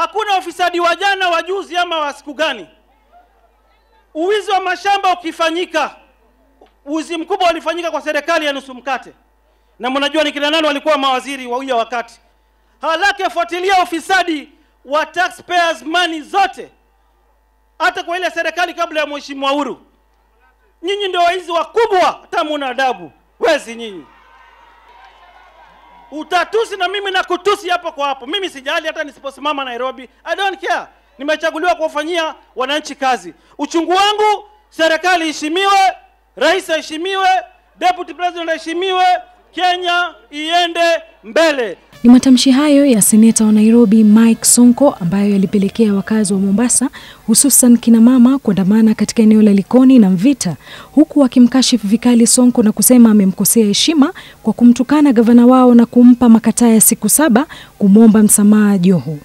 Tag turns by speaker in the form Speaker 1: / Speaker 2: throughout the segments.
Speaker 1: hakuna ufisadi wa jana wa juzi ama wa siku gani. Uwizi wa mashamba ukifanyika, uwizi mkubwa ulifanyika kwa serikali ya nusu mkate, na mnajua ni kina nani walikuwa mawaziri wa huyo wakati. Halake fuatilia ufisadi wa taxpayers money zote, hata kwa ile serikali kabla ya mheshimiwa Uhuru. Nyinyi ndio waizi wakubwa, hata muna adabu wezi nyinyi utatusi na mimi na kutusi hapo kwa hapo. Mimi sijali hata nisiposimama Nairobi, I don't care. Nimechaguliwa kuwafanyia wananchi kazi. Uchungu wangu serikali iheshimiwe, rais aheshimiwe, deputy president aheshimiwe, Kenya iende mbele.
Speaker 2: Ni matamshi hayo ya seneta wa Nairobi Mike Sonko ambayo yalipelekea wakazi wa Mombasa hususan kinamama kuandamana katika eneo la Likoni na Mvita, huku wakimkashifu vikali Sonko na kusema amemkosea heshima kwa kumtukana gavana wao na kumpa makataa ya siku saba kumwomba msamaha Joho.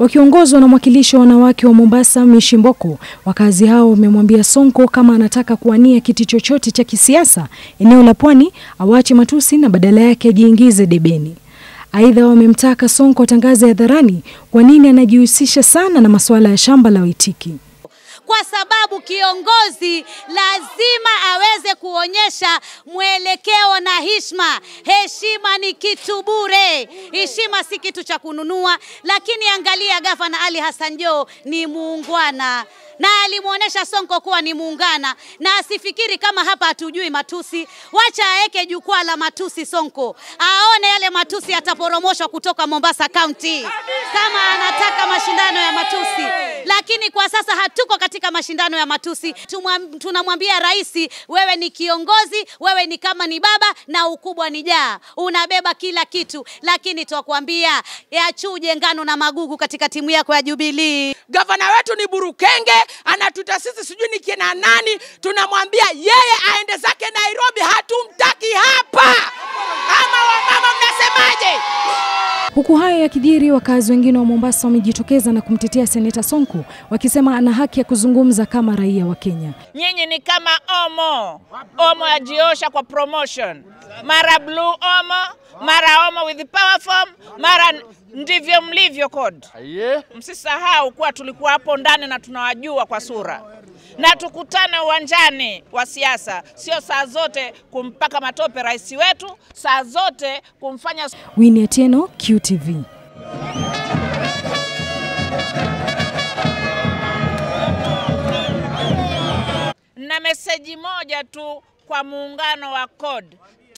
Speaker 2: Wakiongozwa na mwakilishi wa wanawake wa Mombasa, Mishi Mboko, wakazi hao wamemwambia Sonko kama anataka kuwania kiti chochote cha kisiasa eneo la pwani awache matusi na badala yake ajiingize debeni. Aidha, wamemtaka Sonko atangaze hadharani kwa nini anajihusisha sana na masuala ya shamba la Waitiki,
Speaker 3: kwa sababu kiongozi lazima aweze kuonyesha mwelekeo na heshima. Heshima ni kitu bure, heshima si kitu cha kununua. Lakini angalia, gavana Ali Hassan Joho ni muungwana na alimwonyesha Sonko kuwa ni muungana, na asifikiri kama hapa hatujui matusi. Wacha aweke jukwaa la matusi Sonko, aone yale matusi, ataporomoshwa kutoka Mombasa County kama anataka mashindano ya matusi lakini kwa sasa hatuko katika mashindano ya matusi. Tunamwambia rais, wewe ni kiongozi, wewe ni kama ni baba na ukubwa ni jaa, unabeba kila kitu, lakini twakwambia yachuje ngano na magugu katika timu yako ya Jubilee.
Speaker 1: Gavana wetu ni Burukenge, anatuta sisi sijui ni kina nani, tunamwambia yeye aende zake Nairobi, hatumtaki hai.
Speaker 2: Huku haya yakijiri, wakazi wengine wa Mombasa wamejitokeza na kumtetea seneta Sonko wakisema ana haki ya kuzungumza kama raia wa Kenya.
Speaker 4: Nyinyi ni kama Omo, Omo ajiosha kwa promotion, mara blue Omo, mara Omo with power form, mara ndivyo mlivyo code.
Speaker 5: Msisahau kuwa tulikuwa hapo ndani na tunawajua kwa sura na tukutane uwanjani wa siasa, sio saa zote kumpaka matope rais wetu, saa zote kumfanya.
Speaker 2: Winnie Atieno, QTV.
Speaker 6: na meseji moja tu kwa muungano wa CORD.